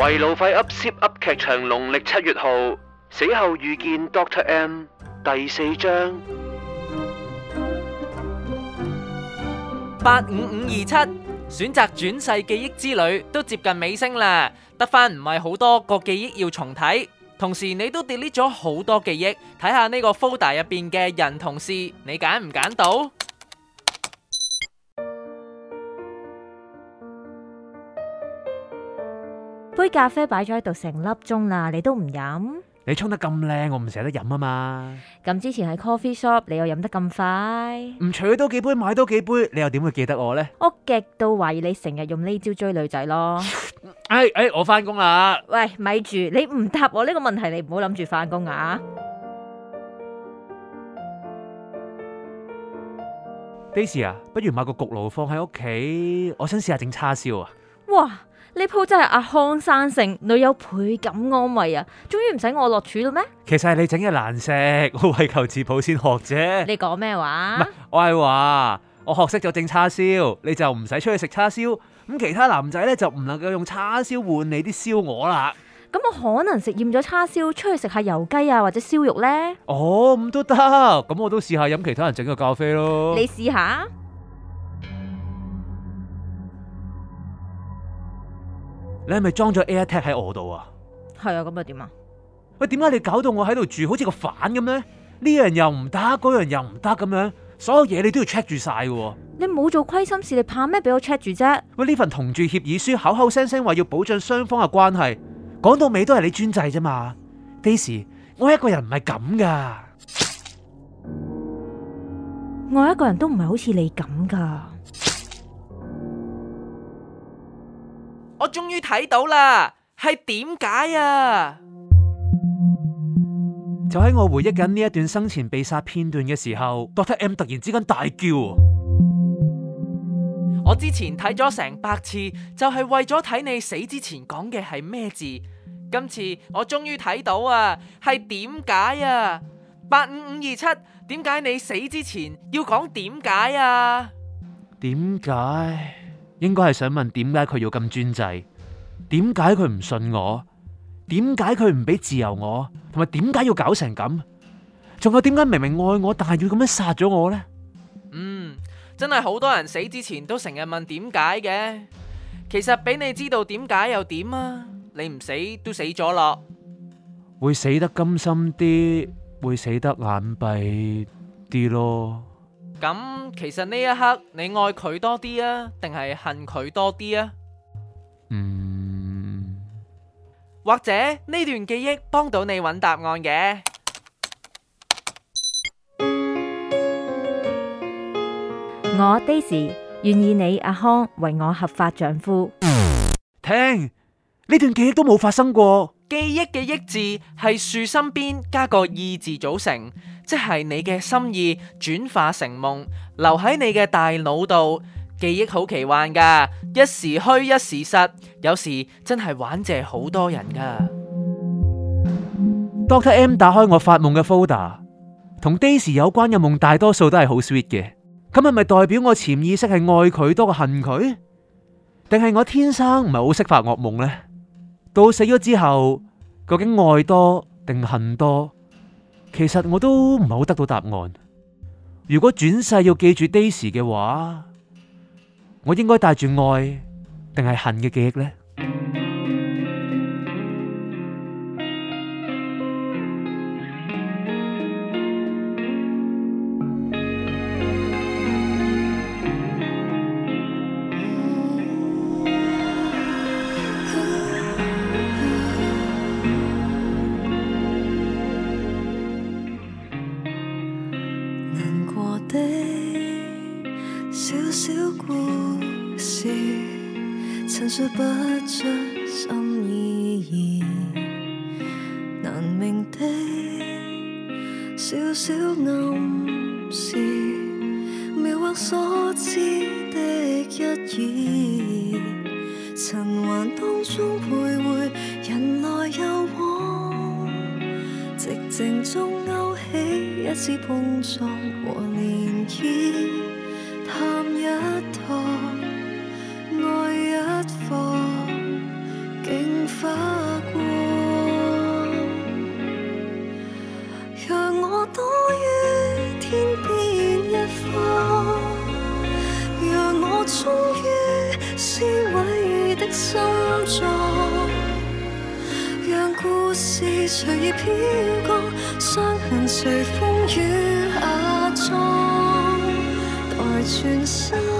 維魯費噏 Zip 噏劇場，農曆七月號，死後遇見 Dr.M 第四章，八五五二七，選擇轉世記憶之旅都接近尾聲啦，得返唔係好多個記憶要重睇，同時你都 delete 咗好多記憶，睇下呢個 folder 入邊嘅人同事你揀唔揀到？杯咖啡擺咗喺度成粒鐘啦，你都唔飲？你沖得咁靚，我唔捨得飲啊嘛！咁之前喺 coffee shop，你又飲得咁快，唔取多幾杯，買多幾杯，你又點會記得我呢？我極都懷疑你成日用呢招追女仔咯！哎哎，我翻工。啦！喂，咪住，你唔答我呢個問題，你唔好諗住翻工啊！Daisy 啊，不如買個焗爐放喺屋企，我想試下整叉燒啊！哇！呢鋪真係阿康生性，女友倍感安慰啊！終於唔使我落廚啦咩？其實係你整嘅難食，我為求自保先學啫。你講咩話？唔係，我係話我學識咗整叉燒，你就唔使出去食叉燒。咁其他男仔咧，就唔能夠用叉燒換你啲燒鵝啦。咁我可能食厭咗叉燒，出去食下油雞啊，或者燒肉咧？哦，咁都得。咁我都試下飲其他人整嘅咖啡咯。你試下。你係咪裝咗 AirTag 喺我度啊？係啊，咁又點啊？喂，點解你搞到我喺度住好似個反咁咧？呢樣又唔得，嗰樣又唔得咁樣，所有嘢你都要 check 住晒嘅。你冇做虧心事，你怕咩？俾我 check 住啫？喂，呢份同住協議書口口聲聲話要保障雙方嘅關係，講到尾都係你專制啫嘛。Daisy，我一個人唔係咁噶，我一個人都唔係好似你咁噶。我終於睇到啦，係點解啊？就喺我回憶緊呢一段生前被殺片段嘅時候，Dr. M 突然之間大叫：我之前睇咗成百次，就係為咗睇你死之前講嘅係咩字。今次我終於睇到啊，係點解啊？八五五二七，點解你死之前要講點解啊？點解？應該係想問點解佢要咁專制？點解佢唔信我？點解佢唔俾自由我？同埋點解要搞成咁？仲有點解明明愛我，但係要咁樣殺咗我呢？嗯，真係好多人死之前都成日問點解嘅。其實俾你知道點解又點啊？你唔死都死咗咯，會死得甘心啲，會死得眼閉啲咯。咁其實呢一刻，你愛佢多啲啊，定係恨佢多啲啊？嗯，或者呢段記憶幫到你揾答案嘅。我 Daisy 願意你阿康為我合法丈夫。聽呢段記憶都冇發生過。記憶嘅憶字係樹心邊加個意字組成，即係你嘅心意轉化成夢，留喺你嘅大腦度。記憶好奇幻噶，一時虛一時實，有時真係玩謝好多人噶。Dr. M 打開我發夢嘅 folder，同 Daisy 有關嘅夢大多數都係好 sweet 嘅，咁係咪代表我潛意識係愛佢多過恨佢？定係我天生唔係好識發噩夢呢？到死咗之後，究竟愛多定恨多？其實我都唔好得到答案。如果轉世要記住 Daisy 嘅話，我應該帶住愛定係恨嘅記憶呢？說不出心意言，難明的小小暗示，描畫所知的一意，循環當中徘徊，人來又往，寂靜中勾起一次碰撞和漣漪，探一趟。心臟，讓故事隨意飄過，傷痕隨風雨下葬，待轉身。